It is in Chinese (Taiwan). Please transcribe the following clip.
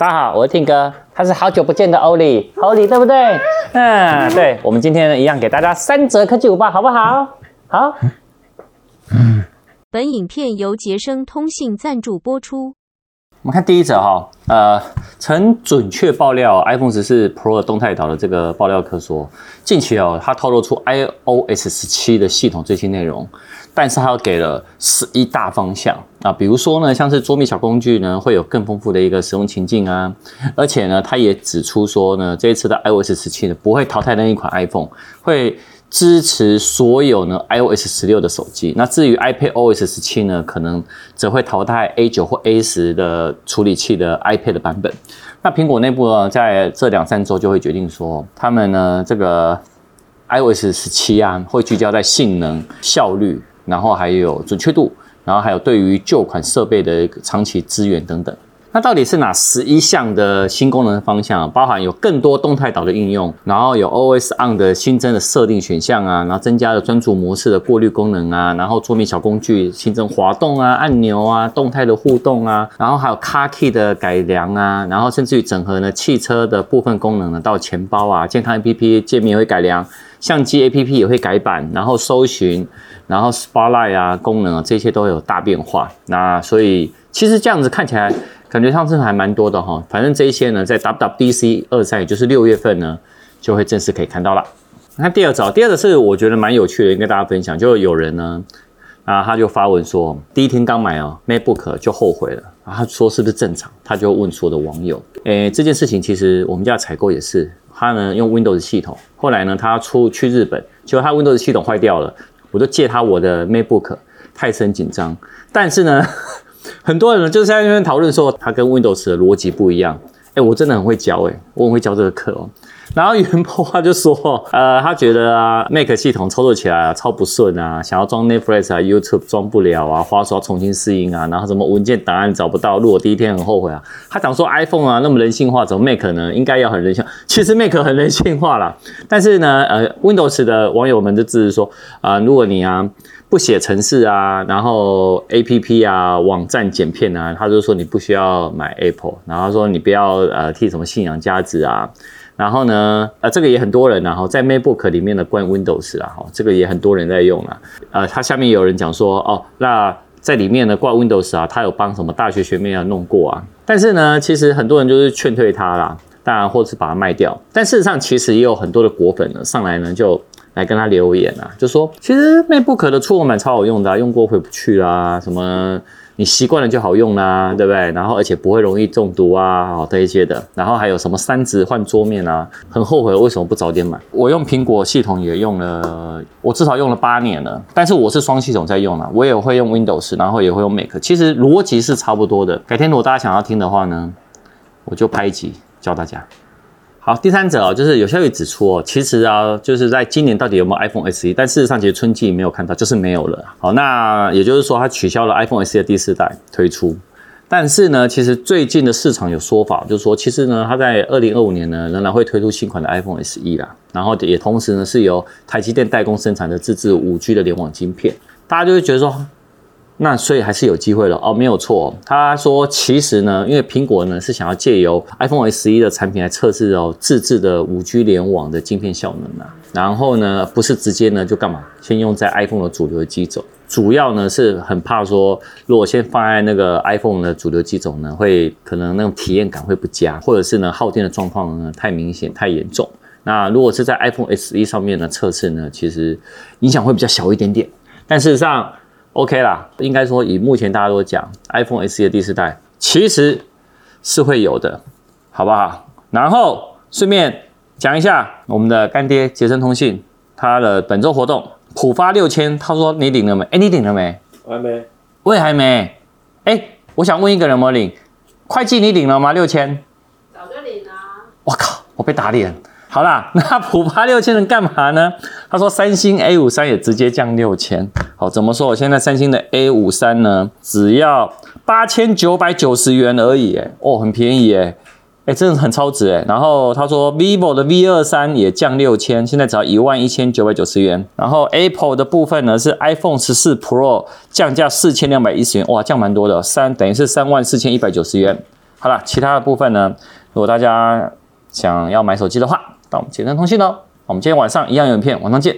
大家好，我是 Tim 哥，他是好久不見的歐里、嗯，歐里對不對？嗯，嗯，對，我們今天一樣給大家 3C 科技午報，好不好？嗯、好。嗯、本影片由傑昇通信贊助播出。我們看第一則哈、哦，呃，曾準確爆料、哦、iPhone 十四 Pro 動態島的這個爆料客說，近期哦，他透露出 iOS 十七的系統最新內容，但是他又給了十一大方向啊，比如說呢，像是桌面小工具呢會有更豐富的一個使用情境啊，而且呢，他也指出說呢，這一次的 iOS 十七呢不會淘汰那一款 iPhone，會。支持所有呢 iOS 十六的手機，那至於 iPadOS 十七呢，可能只會淘汰 A 九或 A 十的處理器的 iPad 的版本。那蘋果內部呢，在這兩三周就會決定說，他們呢，這個 iOS 十七啊，會聚焦在性能、效率，然後還有準確度，然後還有對於舊款設備的一個長期支援等等。那到底是哪十一項的新功能方向啊？包含有更多動態島的應用，然後有 O S on 的新增的設定選項啊，然後增加了專注模式的過濾功能啊，然後桌面小工具新增滑動啊按鈕啊動態的互動啊，然後還有 Car Key 的改良啊，然後甚至於整合呢汽車的部分功能呢，到錢包啊健康 A P P 界面也會改良，相機 A P P 也會改版，然後搜尋，然後 Spotlight 啊功能啊這些都有大變化。那所以其實這樣子看起來，感覺上次還蠻多的哈、哦，反正這一些呢，在 WWDC 二三，也就是六月份呢，就會正式可以看到了。那第二招，第二個是我覺得蠻有趣的，跟大家分享，就有人呢，啊，他就發文說第一天剛買哦，MacBook 就後悔了，啊，他說是不是正常？他就問所有的網友，誒、哎，這件事情其實我們家的採購也是，他呢用 Windows 系統，後來呢他出去日本，結果他 Windows 系統壞掉了，我就借他我的 MacBook，太深緊張，但是呢。很多人呢，就是在那邊討論說，它跟 Windows 的邏輯不一樣。誒、欸、我真的很會教、欸，誒我很會教這個課哦、喔。然後原波他就說，呃，他覺得啊，Mac 系統操作起來啊超不順啊，想要裝 Netflix 啊、YouTube 裝、啊、不了啊，花刷重新適應啊，然後什麼文件檔案找不到，如果第一天很後悔啊，他講說 iPhone 啊那麼人性化，怎麼 Mac 呢？應該要很人性化。其實 Mac 很人性化啦，但是呢，呃，Windows 的網友們就支持說，啊、呃，如果你啊。不寫程式啊，然後 A P P 啊，網站剪片啊，他就說你不需要買 Apple，然後說你不要呃替什麼信仰加值啊，然後呢，呃這個也很多人、啊，然後在 MacBook 裡面的掛 Windows 啊，這個也很多人在用啊。呃，他下面有人講說哦，那在裡面呢掛 Windows 啊，他有幫什麼大學學妹啊弄過啊，但是呢，其實很多人就是勸退他啦，當然、啊、或是把它賣掉，但事實上其實也有很多的果粉呢上來呢就。來跟他留言啊，就說其實 MacBook 的觸控板超好用的啊，用過回不去啊，什麼你習慣了就好用啦啊，對不對？然後而且不會容易中毒啊，好，這一些的。然後還有什麼三指換桌面啊，很後悔為什麼不早點買。我用蘋果系統也用了，我至少用了八年了，但是我是雙系統在用啊，我也會用 Windows，然後也會用 Mac，其實邏輯是差不多的。改天如果大家想要聽的話呢，我就拍一集教大家。好，第三者啊，就是有消息指出哦，其實啊，就是在今年到底有沒有 iPhone SE？但事實上，其實春季沒有看到，就是沒有了。好，那也就是說，它取消了 iPhone SE 的第四代推出。但是呢，其實最近的市場有說法，就是說，其實呢，它在2025年呢，仍然會推出新款的 iPhone SE 啦。然後也同時呢，是由台積電代工生產的自制 5G 的聯網晶片，大家就會覺得說。那所以還是有機會了哦，沒有錯、哦。他說，其實呢，因為蘋果呢是想要借由 iPhone SE 的產品來測試哦自制的五 G 聯網的晶片效能啊。然後呢，不是直接呢就幹嘛，先用在 iPhone 的主流機種。主要呢是很怕說，如果先放在那個 iPhone 的主流機種呢，會可能那種體驗感會不佳，或者是呢耗電的狀況呢太明顯、太嚴重。那如果是在 iPhone SE 上面呢測試呢，其實影響會比較小一點點。但事實上，OK 啦，應該說以目前大家都講 iPhone SE 的第四代其實是會有的，好不好？然後順便講一下我們的乾爹杰森通訊，他的本周活動普發六千，他說你領了沒？誒、欸、你領了沒？我還沒？我也還沒？誒、欸、我想問一個人有沒有領？會計你領了嗎？六千？早就領啦，我靠，我被打臉。好啦，那普發六千能幹嘛呢？他說三星 A 五三也直接降六千。好，怎麼說？我現在三星的 A 五三呢，只要八千九百九十元而已，哎，哦，很便宜耶，哎，哎，真的很超值，哎。然後他說，Vivo 的 V 二三也降六千，現在只要一萬一千九百九十元。然後 Apple 的部分呢，是 iPhone 十四 Pro 降價四千兩百一十元，哇，降蠻多的，三等於是三萬四千一百九十元。好啦，其他的部分呢，如果大家想要買手機的話，那我們捷單通信哦。我們今天晚上一樣有影片，晚上見。